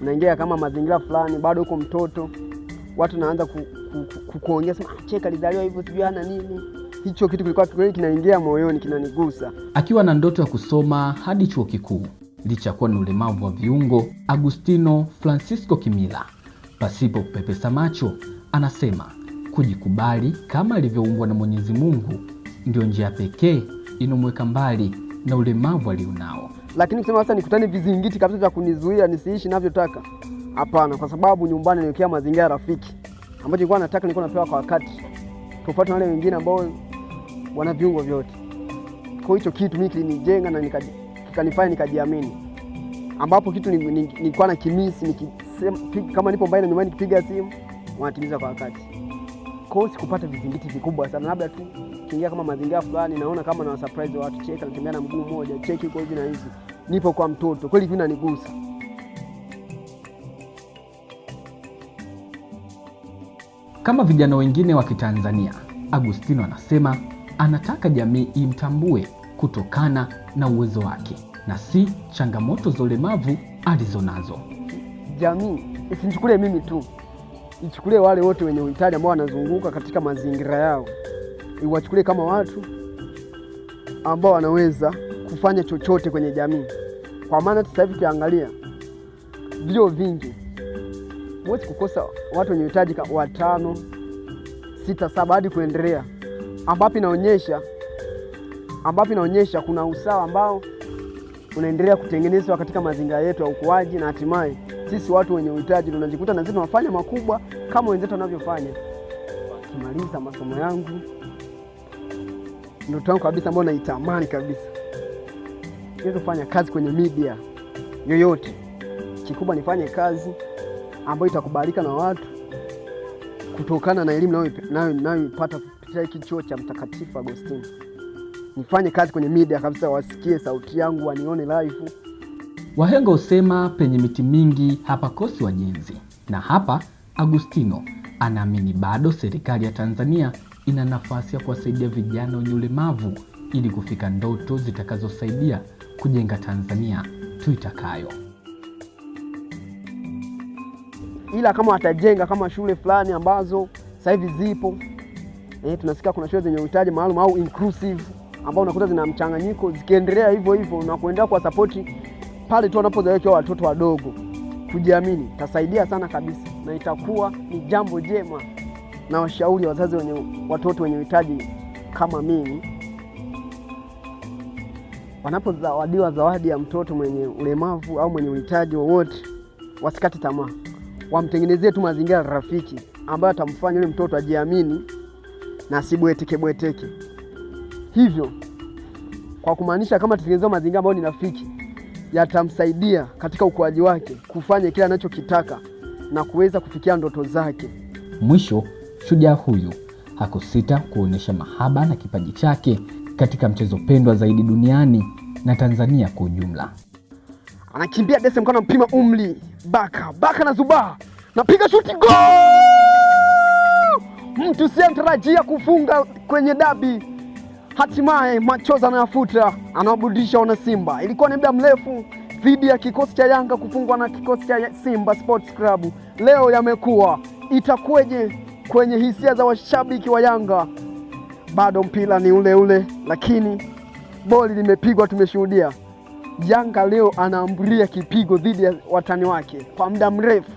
unaingia kama mazingira fulani, bado uko mtoto, watu naanza kukuongea ku, ku, sema ah, cheka kalizaliwa hivyo sijui ana nini. Hicho kitu kilikuwa kweli kinaingia moyoni, kinanigusa. Akiwa na ndoto ya kusoma hadi chuo kikuu licha kuwa ni ulemavu wa viungo, Agustino Francisco Kimila, pasipo kupepesa macho, anasema kujikubali kama alivyoumbwa na Mwenyezi Mungu ndio njia pekee inamweka mbali na ulemavu alionao lakini kusema sasa nikutane vizingiti kabisa vya kunizuia nisiishi navyotaka, hapana, kwa sababu nyumbani niwekea mazingira rafiki, ambacho nilikuwa nataka, nilikuwa napewa kwa wakati, tofauti na wale wengine ambao wana viungo vyote. Kwa hicho kitu mimi kilinijenga na kikanifanya nikajiamini, ambapo kitu nilikuwa na kimisi kama nipo mbali na nyumbani, nikipiga simu wanatimiza kwa wakati. Kwa hiyo sikupata vizingiti vikubwa sana, labda tu kiingia kama mazingira fulani, naona kama na surprise watu, cheki anatembea na mguu mmoja, cheki kwa hivi na hivi, nipo kwa mtoto kweli, vinanigusa kama vijana wengine wa Kitanzania. Agustino anasema anataka jamii imtambue kutokana na uwezo wake na si changamoto za ulemavu alizonazo. Jamii isinichukulie mimi tu ichukulie wale wote wenye uhitaji ambao wanazunguka katika mazingira yao, iwachukulie kama watu ambao wanaweza kufanya chochote kwenye jamii, kwa maana sasa hivi ukiangalia vio vingi huwezi kukosa watu wenye uhitaji watano, sita, saba hadi kuendelea, ambapo inaonyesha ambapo inaonyesha kuna usawa ambao unaendelea kutengenezwa katika mazingira yetu ya ukuaji na hatimaye sisi watu wenye uhitaji tunajikuta na sisi tunafanya makubwa kama wenzetu wanavyofanya. Kimaliza masomo yangu, ndoto yangu kabisa ambayo naitamani kabisa niweze kufanya kazi kwenye media yoyote, kikubwa nifanye kazi ambayo itakubalika na watu kutokana na elimu nayoipata kupitia hiki chuo cha Mtakatifu Agostini. Nifanye kazi kwenye media kabisa, wasikie sauti yangu, wanione live. Wahenga husema penye miti mingi hapakosi wajenzi, na hapa Agustino anaamini bado serikali ya Tanzania ina nafasi ya kuwasaidia vijana wenye ulemavu ili kufika ndoto zitakazosaidia kujenga Tanzania tuitakayo. Ila kama watajenga kama shule fulani ambazo sasa hivi zipo eh, tunasikia kuna shule zenye uhitaji maalum au inclusive ambao unakuta zina mchanganyiko, zikiendelea hivyo hivyo na kuendelea kuwasapoti pale tu wanapozewekewa watoto wadogo, kujiamini tasaidia sana kabisa, na itakuwa ni jambo jema, na washauri wazazi wenye watoto wenye uhitaji kama mimi, wanapozawadiwa zawadi ya mtoto mwenye ulemavu au mwenye uhitaji wowote, wasikate tamaa, wamtengenezee tu mazingira rafiki ambayo atamfanya yule mtoto ajiamini na asibweteke bweteke. Hivyo kwa kumaanisha, kama tutengenezewa mazingira ambayo ni rafiki yatamsaidia katika ukuaji wake kufanya kile anachokitaka na kuweza kufikia ndoto zake. Mwisho, shujaa huyu hakusita kuonyesha mahaba na kipaji chake katika mchezo pendwa zaidi duniani na Tanzania kwa ujumla. Anakimbia Desem kana mpima umri baka baka na Zubaha, napiga shuti go, mtu siyemtarajia kufunga kwenye dabi Hatimaye machozi anayafuta, anawaburudisha wana Simba. Ilikuwa ni muda mrefu dhidi ya kikosi cha Yanga kufungwa na kikosi cha Simba Sports Club, leo yamekuwa. Itakuweje kwenye hisia za washabiki wa Yanga? Bado mpira ni ule ule, lakini boli limepigwa. Tumeshuhudia Yanga leo anaambulia kipigo dhidi ya watani wake kwa muda mrefu.